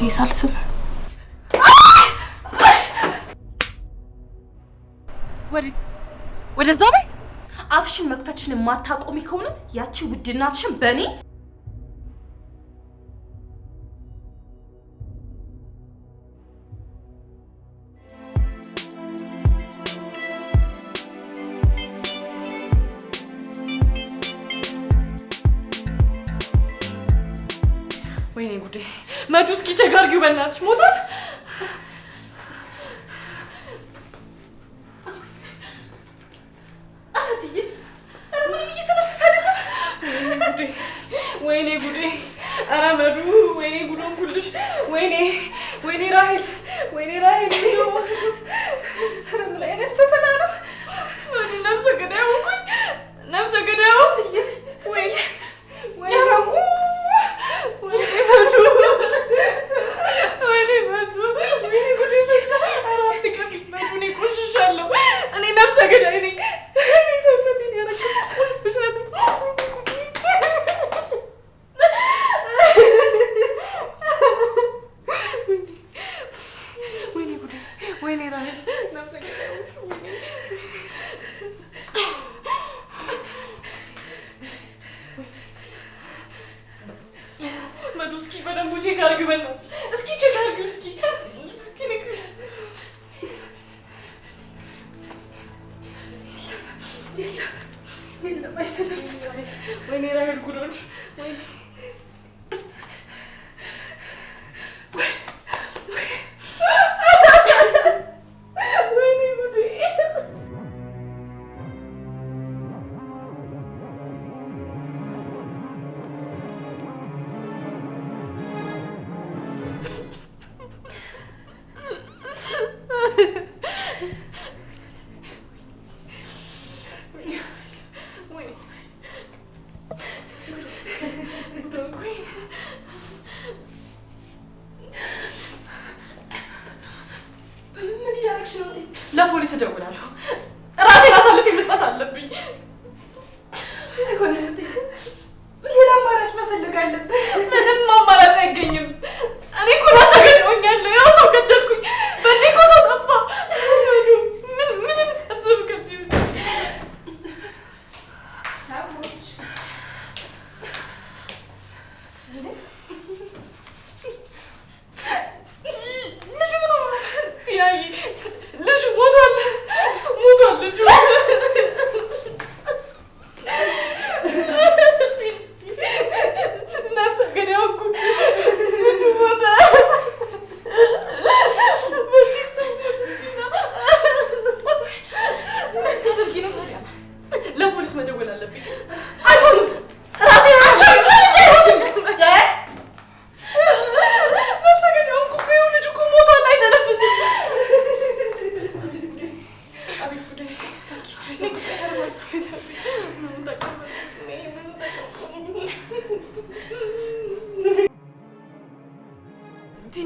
እግሬ ሳልስብ ወዴት? ወደዛ ቤት አፍሽን መክፈትሽን የማታቆሚ ከሆነ ያቺ ውድናትሽን በእኔ አታድርጊው፣ በእናትሽ ሞቷል። ወይኔ ጉዴ! ኧረ መዱ! ወይኔ ጉዶን ኩልሽ! ወይኔ ወይኔ! ራሄል ወይኔ ራሄል ወይኔ ራሄል ጉድ ሆንሽ።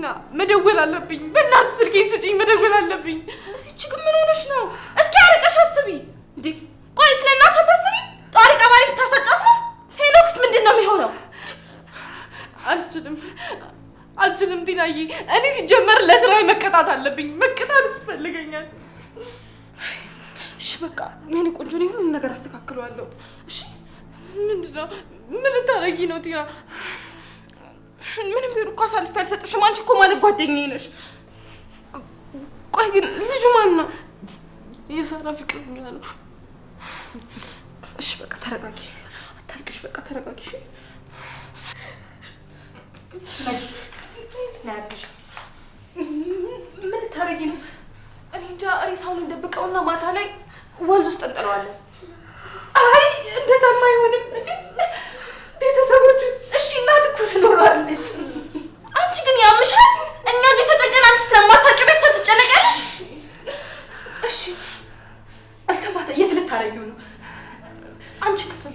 ቲና መደወል አለብኝ። በእናት ስልኬን ስጪኝ፣ መደወል አለብኝ። እችግ ምን ሆነሽ ነው? እስኪ አርቀሽ አስቢ እንዴ። ቆይ ስለ እናትሽ አታስቢ? ጧሪ ቀባሪ ታሰጣት ነው። ሄኖክስ ምንድን ነው የሚሆነው? አልችልም፣ አልችልም ቲናዬ። እኔ ሲጀመር ለስራዬ መቀጣት አለብኝ። መቀጣት ትፈልገኛል። እሺ በቃ የእኔ ቆንጆ፣ ሁሉን ነገር አስተካክለዋለሁ። እሺ ምንድን ነው? ምን ልታረጊ ነው ቲና? እኮ አሳልፌ አልሰጥሽም። አንቺ እኮ ማለት ጓደኛዬ ነሽ። ቆይ ግን ልጁ ማን ነው? የሳራ ፍቅረኛ ነው። እሺ በቃ ተረጋጊ፣ አታልቅሽ። በቃ ተረጋጊ። እሺ ምን ታረጊ ነው? እኔ እንጃ። ሬሳውን እንደብቀውና ማታ ላይ ወንዝ ውስጥ እንጥለዋለን። አይ እንደዛማ አይሆንም። ቤተሰቦች ውስጥ እሺ እናት እኮ ትኖራለች። አንቺ ግን ያምሻል። እኛ እዚህ ተጨንቀን አንቺ ስለማታውቂ ቤተሰብ ትጨነቀለሽ። እሺ እስከ ማታ የት ልታረጊው ነው? አንቺ ክፍል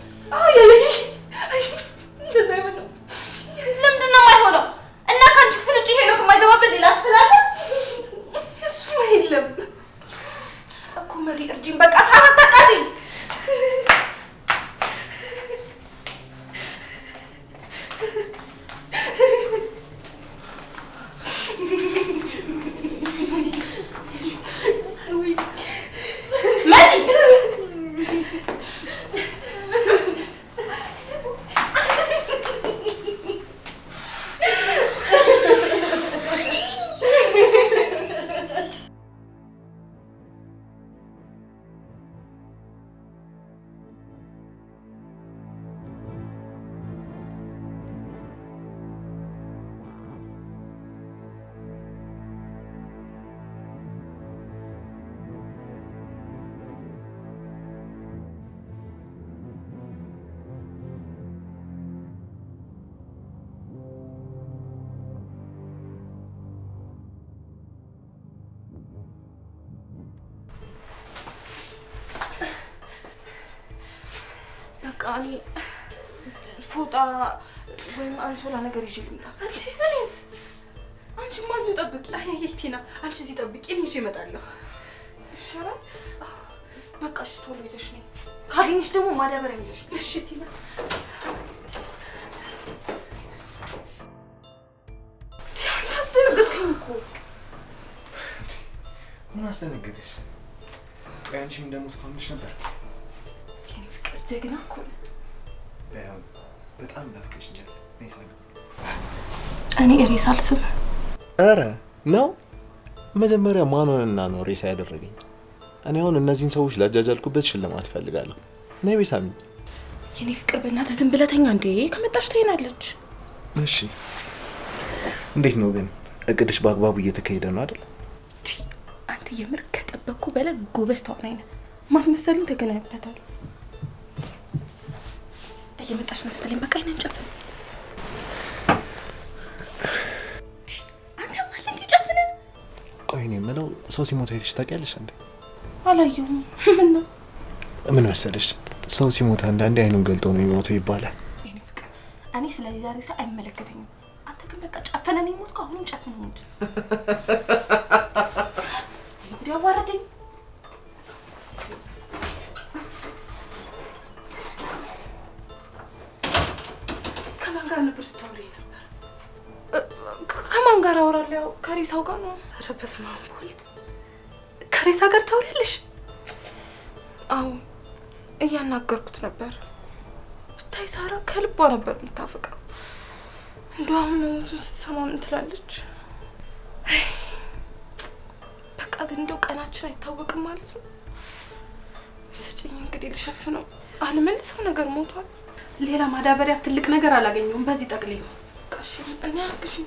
የሚያስበላ ነገር ይዤልሻለሁ። እኔስ አንቺማ እዚሁ ጠብቂ። ቲና አንቺ እዚህ ጠብቂ፣ እኔ ይዤ እመጣለሁ። ይሻላል። በቃ እሺ፣ ቶሎ ይዘሽ ነይ። ካገኘሽ ደግሞ ማዳበሪያ ይዘሽ ነይ። እሺ ቲና ምን አስደነገጠሽ? ቆይ አንቺም እንደሞትኩ አምሽ ነበር። የእኔ ፍቅር ጀግና እኮ በጣም ናፍቀሽኛል። እኔ ሬሳ አልስም። ኧረ ነው መጀመሪያ ማንንና ነው ሬሳ ያደረገኝ? እኔ አሁን እነዚህን ሰዎች ላጃጃልኩበት ሽልማት እፈልጋለሁ። ነይ ቤሳሚ። የኔ ፍቅር በእናትህ ዝም ብለተኛ እንዴ! ከመጣች ትሄናለች። እሺ። እንዴት ነው ግን እቅድሽ በአግባቡ እየተካሄደ ነው አይደል? አንተ የምር ከጠበቅኩ በላይ ጎበዝ ተዋናይ ነህ። ማስመሰሉን ተገናኝበታል። እየመጣች ነው መሰለኝ። በቃ አይነን ጨፍን ቆይ እኔ የምለው ሰው ሲሞት አይተሽ ታውቂያለሽ እንዴ? አላየሁም። ምን ነው ምን መሰለሽ፣ ሰው ሲሞት አንዳንዴ አይኑን ገልጦ ነው የሚሞተው ይባላል። እኔ ስለ ሌላ ሬሳ አይመለከተኝም። አንተ ግን በቃ ጨፈነን የሞት ከአሁኑ ጨፈነ ሞት ያዋረደኝ ከማን ጋር ነበር ስታውሪ ነበር? ከማን ጋር አወራለሁ? ያው ከሬሳው ጋር ነው በስመ አብ ወልድ ከሬሳ ጋር አው አዎ እያናገርኩት ነበር። ብታይ ሳራ ከልቧ ነበር የምታፈቅረው። እንደውም አሁን ስትሰማ ምን ትላለች? በቃ ግን እንደው ቀናችን አይታወቅም ማለት ነው። ስጭኝ እንግዲህ ልሸፍነው። አልመልሰው ነገር ሞቷል። ሌላ ማዳበሪያ ትልቅ ነገር አላገኘውም። በዚህ ጠቅልዩ እኔ አግሽኝ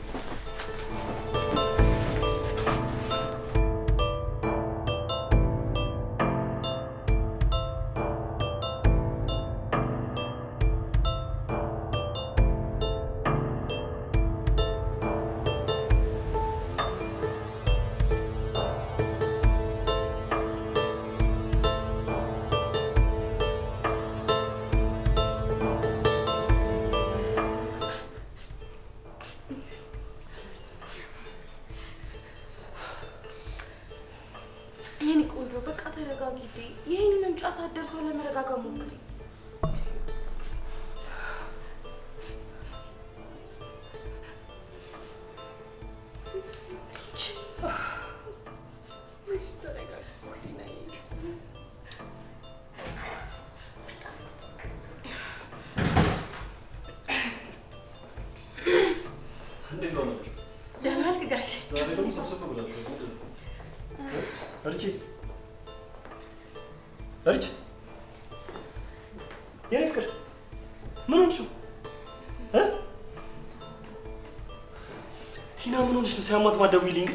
ሲያሟት ማደውይልኝ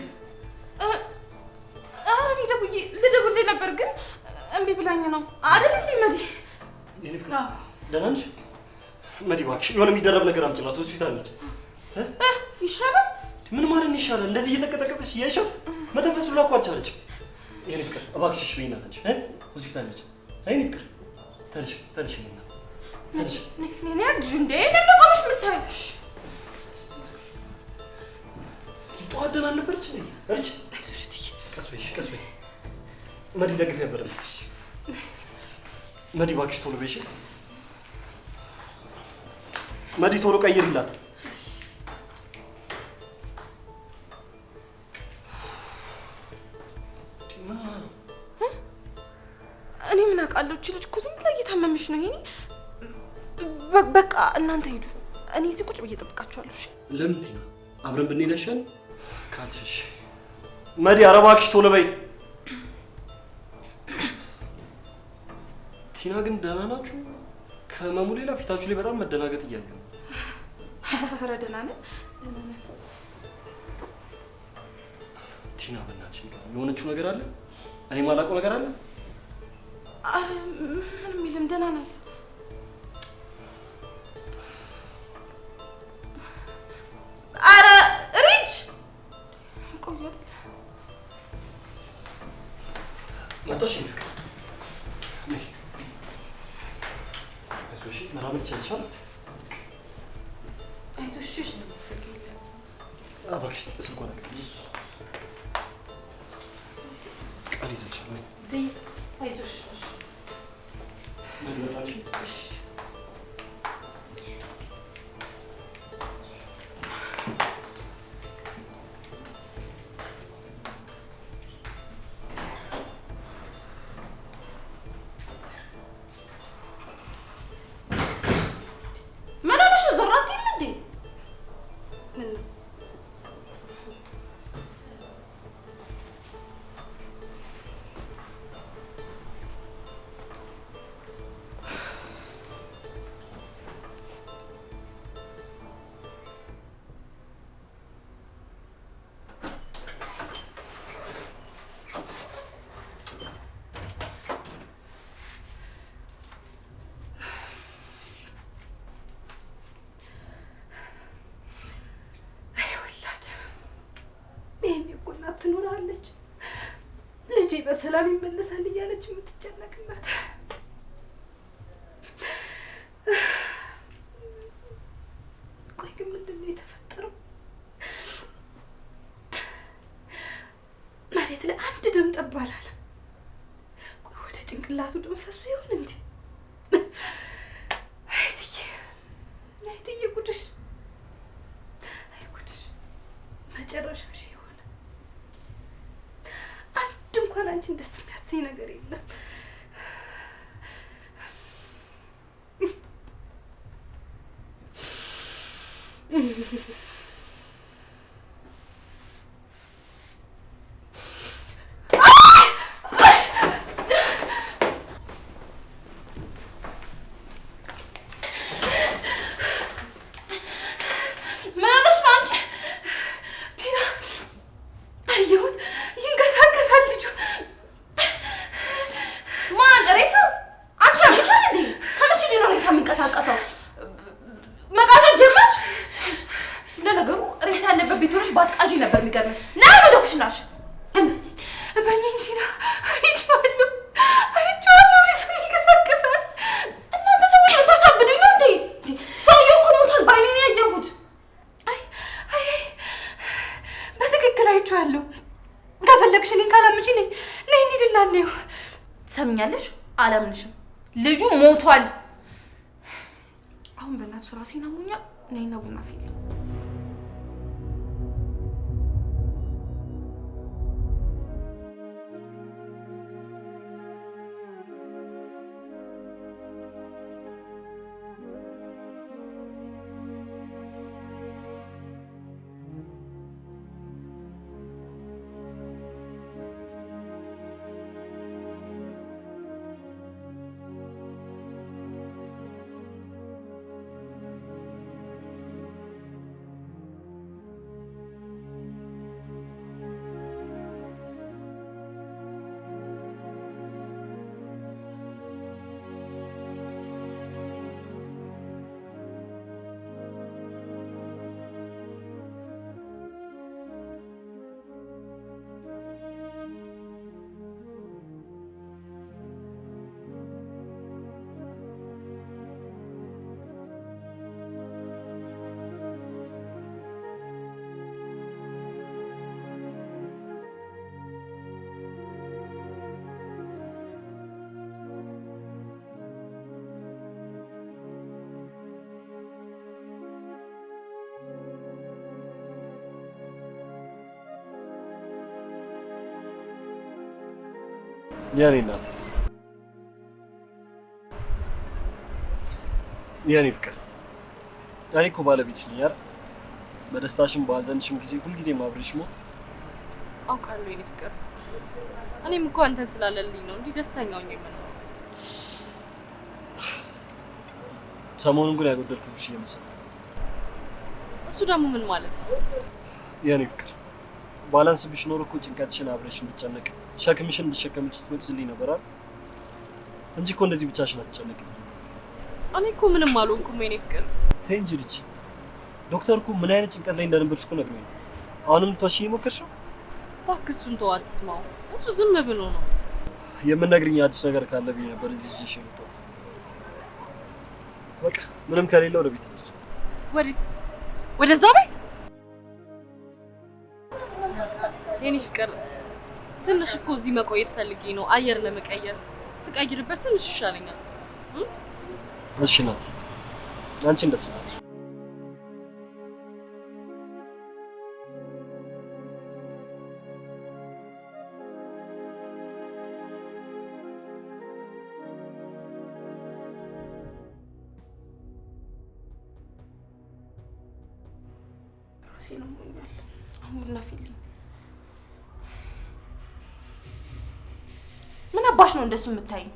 ግን እኔ ደውዬ ልደውልልህ ነበር ግን እምቢ ብላኝ ነው አይደል እንዴ መዲ ደህና ነሽ መዲ እባክሽ የሆነ የሚደረብ ነገር አምጪላት ሆስፒታል ነች ይሻላል ምን ማለት ነው ይሻላል እንደዚህ እየተቀጠቀጠች እያይሻት መተንፈስ ብላ እኮ አልቻለችም የእኔ ፍቅር እባክሽ እሺ በይና ተነሽ ሆስፒታል ነች የእኔ ፍቅር ተነሽ ተነሽ ነሽ እንዴ ለቆምሽ የምታይሽ ጠዋት ደህና ነበረች ነች። ቀስ በይ መዲ ደግፍ ነበረ። መዲ እባክሽ ቶሎ በይ። መዲ ቶሎ ቀይርላት። እኔ ምን አውቃለሁ? እቺ ልጅ እኮ ዝም ብላ እየታመመች ነው። ይሄኔ በቃ እናንተ ሂዱ፣ እኔ እዚህ ቁጭ ብዬ እጠብቃችኋለሁ። ለምንድን ነው አብረን ብንሄድ ይሻላል? ካልሽ መዲ፣ ኧረ እባክሽ ቶሎ በይ። ቲና ግን ደህና ናችሁ? ከህመሙ ሌላ ፊታችሁ ላይ በጣም መደናገጥ እያየሁ ነው። ኧረ ደህና ነን፣ ደህና ነን። ቲና በእናትሽ የሆነችው ነገር አለ? እኔ የማላውቀው ነገር አለ? ኧረ ምንም የለም፣ ደህና ናት። በሰላም ይመለሳል እያለች የምትጨነቅ እናት ቆይ ግን ምንድን ነው የተፈጠረው? መሬት ላይ አንድ ደም ጠባላል። ቆይ ወደ ጭንቅላቱ ደም ፈሱ ይሆን እንዴ? Laguna የኔ እናት፣ የኔ ፍቅር፣ እኔ እኮ ባለቤት ነኝ አይደል? በደስታሽም በሀዘንሽም ጊዜ ሁልጊዜ ማብሬሽ ነው። አውቃለሁ የኔ ፍቅር። እኔም እኮ አንተን ስላለልኝ ነው እንዲህ ደስተኛ ሆኜ የምኖረው። ሰሞኑን ግን ያጎደልኩብሽ እየመሰለኝ። እሱ ደግሞ ምን ማለት ነው? የኔ ፍቅር፣ ባላንስ ብሽ ኖር እኮ ጭንቀትሽን አብረሽ እንድጨነቅ ሸክምሽን እንድሸከምሽ ስትመልስልኝ ነበር አይደል? እንጂ እኮ እንደዚህ ብቻሽን አትጨነቅም። እኔ እኮ ምንም አልሆንኩም የኔ ፍቅር። ተይ እንጂ ልጅ። ዶክተር እኮ ምን አይነት ጭንቀት ላይ እንደነበርሽ እኮ ነግሮኝ። አሁንም ልትዋሺኝ የሞከርሽው? እባክህ እሱን ተው፣ አትስማው። እሱ ዝም ብሎ ነው። የምነግርኝ አዲስ ነገር ካለ ብዬ ነበር እዚህ ይዤሽ የመጣሁት። በቃ ምንም ከሌለ ወደ ቤት እንሂድ። ወዴት? ወደዛ ቤት የኔ ፍቅር ትንሽ እኮ እዚህ መቆየት ፈልጌ ነው፣ አየር ለመቀየር ስቀይርበት ትንሽ ይሻለኛል። እሺ ናት አንቺ እንደስላለች የምታይኝ?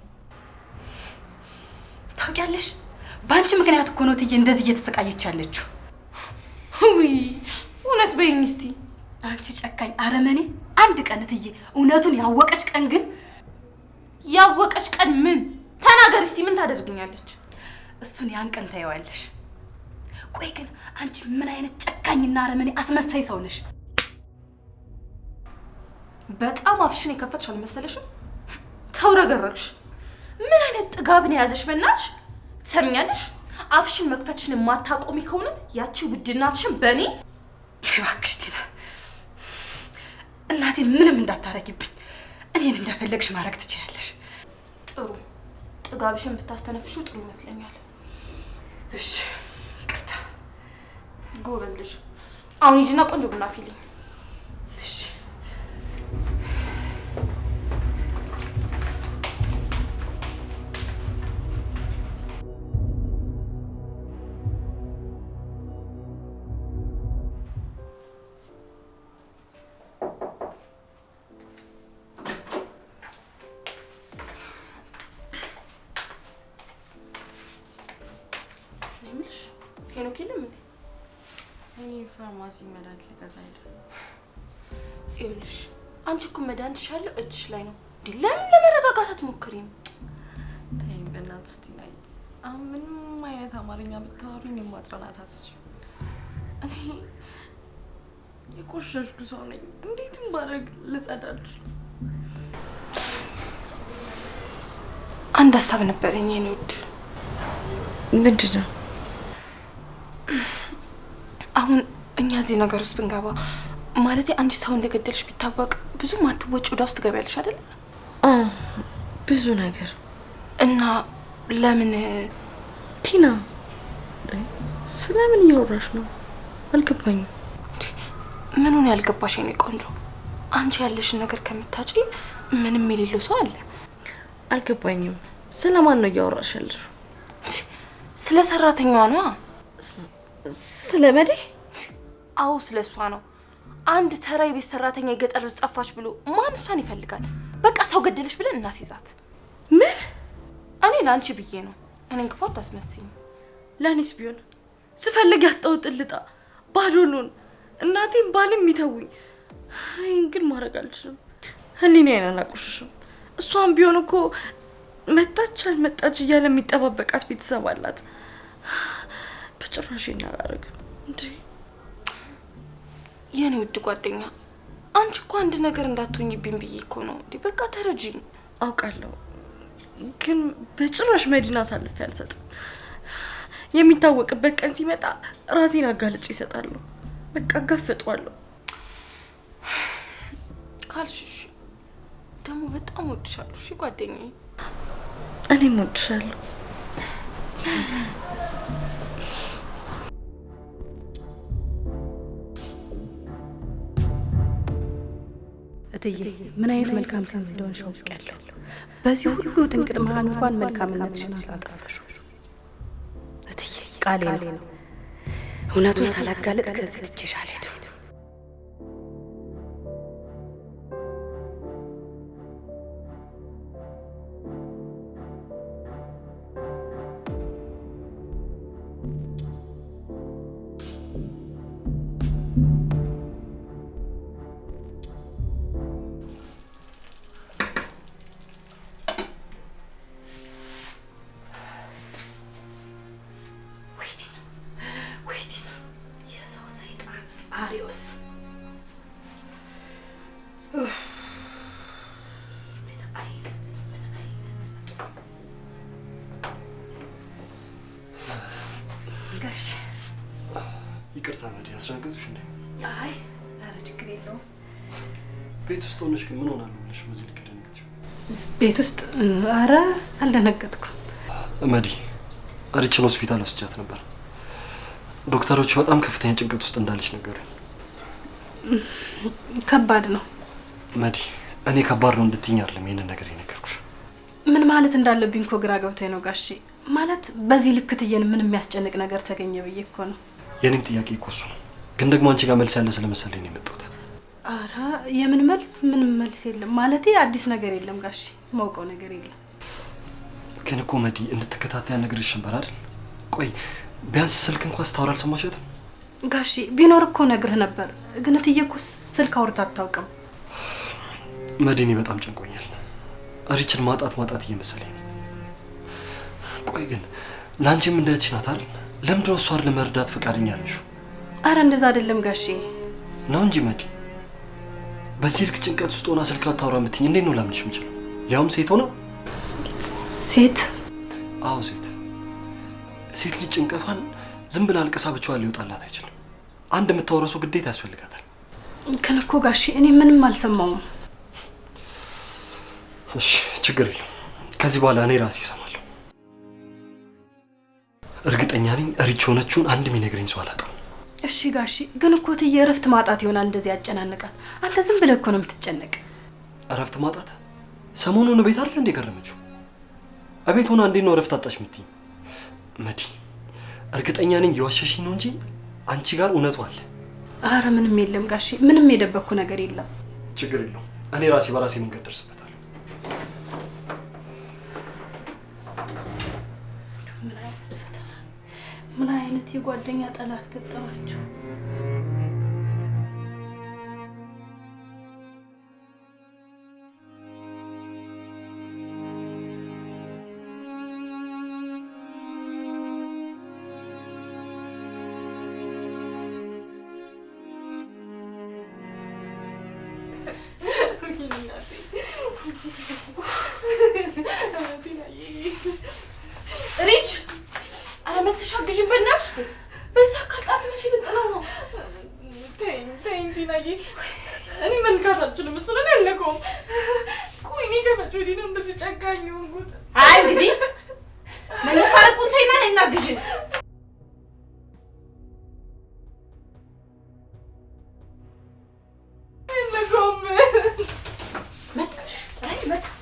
ታውቂያለሽ፣ በአንቺ ምክንያት እኮ ነው እትዬ እንደዚህ እየተሰቃየች ያለችው። ውይ እውነት በይኝ እስቲ አንቺ ጨካኝ አረመኔ። አንድ ቀን እትዬ እውነቱን ያወቀች ቀን ግን ያወቀች ቀን ምን ተናገር እስቲ ምን ታደርግኛለች? እሱን ያን ቀን ታየዋለሽ። ቆይ ግን አንቺ ምን አይነት ጨካኝና አረመኔ አስመሳይ ሰው ነሽ? በጣም አፍሽን የከፈትሽ አልመሰለሽም? ተውረገረግሽ። ምን አይነት ጥጋብ ነው የያዘሽ? በእናትሽ ትሰሚኛለሽ? አፍሽን መክፈትሽን የማታቆሚ ከሆነ ያቺ ውድ እናትሽን በእኔ እባክሽ ቲና፣ እናቴን ምንም እንዳታረጊብኝ። እኔን እንደፈለግሽ ማድረግ ትችያለሽ። ጥሩ ጥጋብሽን ብታስተነፍሽው ጥሩ ይመስለኛል። እሺ ይቅርታ። ጎበዝ ልጅ። አሁን ሂጂና ቆንጆ ቡና ፊልኝ። እሺ ባንክ የለም እንዴ? እኔ ፋርማሲ መድኃኒት ልገዛ ሄደ። ይኸውልሽ አንቺ እኮ መድኃኒትሽ ያለው እጅሽ ላይ ነው። እንዲ ለምን ለመረጋጋት አትሞክሪም? ተይኝ በእናትሽ እስቲ ናይ አሁን ምንም አይነት አማርኛ ብታወሪኝ የማጽናናታት እሱ እኔ የቆሸሽኩ ሰው ነኝ። እንዴትም ባደርግ ልጸዳልሽ። አንድ ሀሳብ ነበረኝ የኔ ውድ። ምንድን ነው? አሁን እኛ እዚህ ነገር ውስጥ ብንገባ ማለት አንድ ሰው እንደገደልሽ ቢታወቅ ብዙ ማትወጭ ወዳ ውስጥ ትገቢያለሽ አይደል? ብዙ ነገር እና ለምን ቲና፣ ስለምን እያወራሽ ነው? አልገባኝም። ምኑን ያልገባሽ የኔ ቆንጆ? አንቺ ያለሽን ነገር ከምታጪ ምንም የሌለው ሰው አለ። አልገባኝም። ስለማን ነው እያወራሽ ያለሽ? ስለ ሰራተኛዋ ነዋ። ስለ መዲህ አዎ ስለ እሷ ነው። አንድ ተራ የቤት ሰራተኛ የገጠር ልጅ ጠፋች ብሎ ማን እሷን ይፈልጋል? በቃ ሰው ገደለች ብለን እናስይዛት። ምን? እኔ ለአንቺ ብዬ ነው። እኔን ክፉ አስመስኝ። ለእኔስ ቢሆን ስፈልግ ያጣው ጥልጣ ባዶሉን እናቴም ባልም ይተውኝ። ይህን ግን ማድረግ አልችልም። ህሊናዬን አላቆሽሽም። እሷም ቢሆን እኮ መጣች አልመጣች እያለ የሚጠባበቃት ቤተሰብ አላት። በጭራሽ አላደርግም እንዴ የኔ ውድ ጓደኛ አንቺ እኮ አንድ ነገር እንዳትሆኝብኝ ብዬ እኮ ነው። በቃ ተረጅኝ አውቃለሁ፣ ግን በጭራሽ መዲና አሳልፌ አልሰጥም። የሚታወቅበት ቀን ሲመጣ ራሴን አጋልጬ ይሰጣሉ። በቃ አጋፈጠዋለሁ ካልሽሽ ደግሞ በጣም ወድሻለሁ። እሺ ጓደኛዬ፣ እኔም ወድሻለሁ። እትዬ ምን አይነት መልካም ሰው እንደሆንሽ አውቄያለሁ። በዚህ ሁሉ ጥንቅጥ መሀል እንኳን መልካምነትሽን አላጠፋሽም። እትዬ ቃሌ ነው። እውነቱን ሳላጋለጥ ከዚህ ትቼሽ አልሄድም። ቤት ውስጥ አረ አልደነገጥኩም። መዲ ሪችን ሆስፒታል ወስጃት ነበር። ዶክተሮች በጣም ከፍተኛ ጭንቀት ውስጥ እንዳለች ነገሩኝ። ከባድ ነው መዲ። እኔ ከባድ ነው እንድትኝ አለም ይህንን ነገር የነገርኩሽ። ምን ማለት እንዳለብኝ እኮ ግራ ገብቶ ነው ጋሼ። ማለት በዚህ ልክ ትየን ምን የሚያስጨንቅ ነገር ተገኘ ብዬ እኮ ነው። የኔም ጥያቄ እኮ እሱ ነው። ግን ደግሞ አንቺ ጋር መልስ ያለ ስለመሰለኝ ነው የመጣሁት አረ የምን መልስ? ምንም መልስ የለም። ማለቴ አዲስ ነገር የለም ጋሼ፣ ማውቀው ነገር የለም። ግን እኮ መዲ እንድትከታተያ ነግሬሽ ነበር አይደል? ቆይ ቢያንስ ስልክ እንኳን ስታወራ አልሰማሻትም? ጋሺ ቢኖር እኮ ነግርህ ነበር። ግን እትዬ እኮ ስልክ አውርታ አታውቅም። መዲኔ በጣም ጨንቆኛል። ሪችን ማጣት ማጣት እየመሰለኝ ነው። ቆይ ግን ለአንቺም እንዳያችን አታል ለምድሮ አይደል? እሷን ለመርዳት ፈቃደኛ ነሽ? አረ እንደዛ አይደለም ጋሺ ነው እንጂ መዲ በዚህ ልክ ጭንቀት ውስጥ ሆና ስልክ አታውራ የምትይኝ እንዴት ነው ላምንሽ የምችለው? ሊያውም ሴት ሆነ ሴት። አዎ ሴት። ሴት ልጅ ጭንቀቷን ዝም ብላ አልቅሳ ብቻዋን ሊወጣላት አይችልም። አንድ የምታወረሱ ግዴታ ያስፈልጋታል። ከልኮ እኮ ጋሺ እኔ ምንም አልሰማውም። እሺ ችግር የለም። ከዚህ በኋላ እኔ ራሴ ይሰማለሁ። እርግጠኛ ነኝ እሪች የሆነችውን አንድ የሚነግረኝ ሰው አላጣም። እሺ ጋሺ፣ ግን እኮ እትዬ እረፍት ማጣት ይሆናል እንደዚህ ያጨናንቃት። አንተ ዝም ብለህ እኮ ነው የምትጨነቅ። እረፍት ማጣት? ሰሞኑን ቤት አይደል እንዴ ገረመችው? እቤት ሆና እንዴት ነው እረፍት አጣሽ የምትይኝ? መዲ፣ እርግጠኛ ነኝ የዋሸሽኝ ነው እንጂ አንቺ ጋር እውነቱ አለ። አረ ምንም የለም ጋሺ፣ ምንም የደበኩ ነገር የለም። ችግር የለው፣ እኔ ራሴ በራሴ መንገድ ደርስበት ምን አይነት የጓደኛ ጠላት ገጠማቸው? but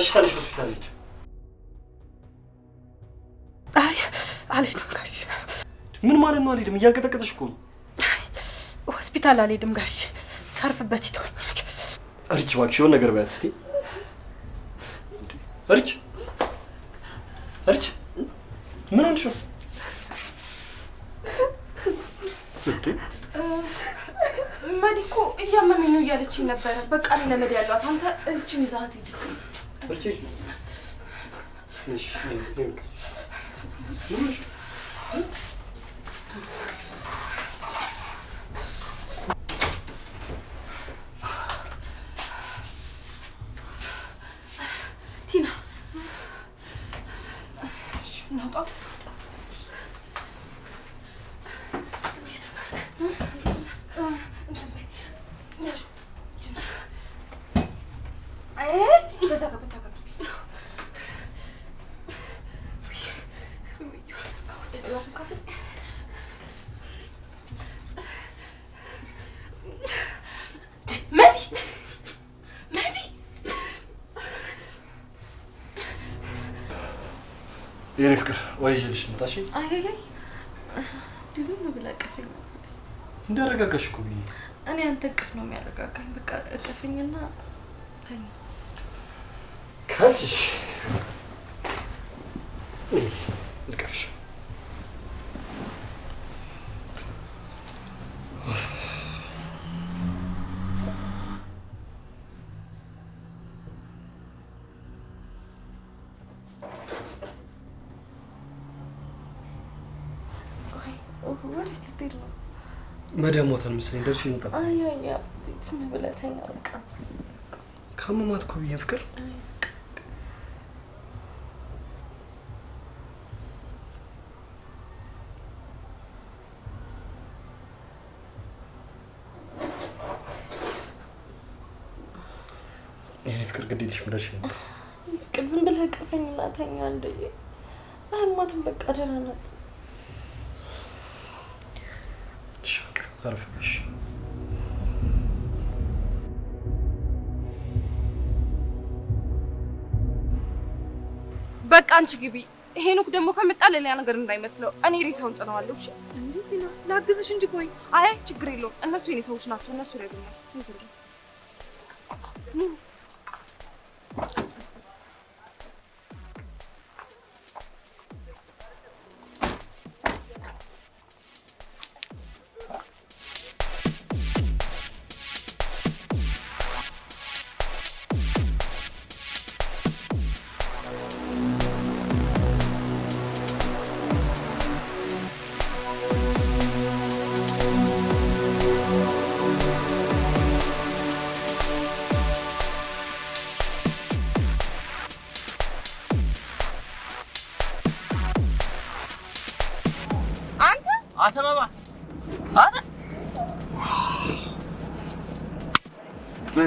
እሺ ታለሽ ሆስፒታል ሂጅ። አይ አልሄድም ጋሽ። ምን ማለት ነው አልሄድም? እያንቀጠቀጠሽ እኮ ነው። ሆስፒታል አልሄድም ጋሽ፣ ሳርፍበት ይተወኛል። እርች እባክሽ የሆነ ነገር በያት እስኪ። እርች እርች፣ ምን ሆንሽ ነው? መዲ እኮ እያመመኝ ነው እያለችኝ ነበረ። በቃ እኔ ለመዲ ያለዋት አንተ እችን ይዛት ሂድ። እሺ የኔ ፍቅር ወይ ይዤልሽ ልምጣ። እሺ። አይ አይ ብዙ ነው ብላ እቀፈኝ። እንዳረጋጋሽ እኮ ብዬሽ እኔ አንተ እቅፍ ነው የሚያረጋጋኝ። በቃ እቀፈኝና ተኝ ካልሽ መደሞታል መሰለኝ ደርሶ ይመጣል። ከመማት እኮ ብዬሽ ፍቅር ይሄኔ ፍቅር ነበር። ዝም ብለህ ቀፈኝ እና ተኛ። እንደ በቃ ደህና ናት። Perfect. በቃ አንቺ ግቢ። ሄኖክ ደግሞ ከመጣ ሌላ ነገር እንዳይመስለው፣ እኔ ሬሳውን ጭነዋለሁ። እሺ፣ እንዴት ላግዝሽ እንጂ። ቆይ፣ አይ ችግር የለውም። እነሱ የኔ ሰዎች ናቸው። እነሱ ይረዱኛል።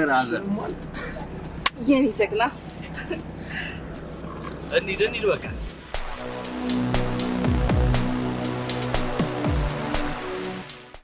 ብራዘር የኔ ጀግና እንሂድ እንሂድ በቃ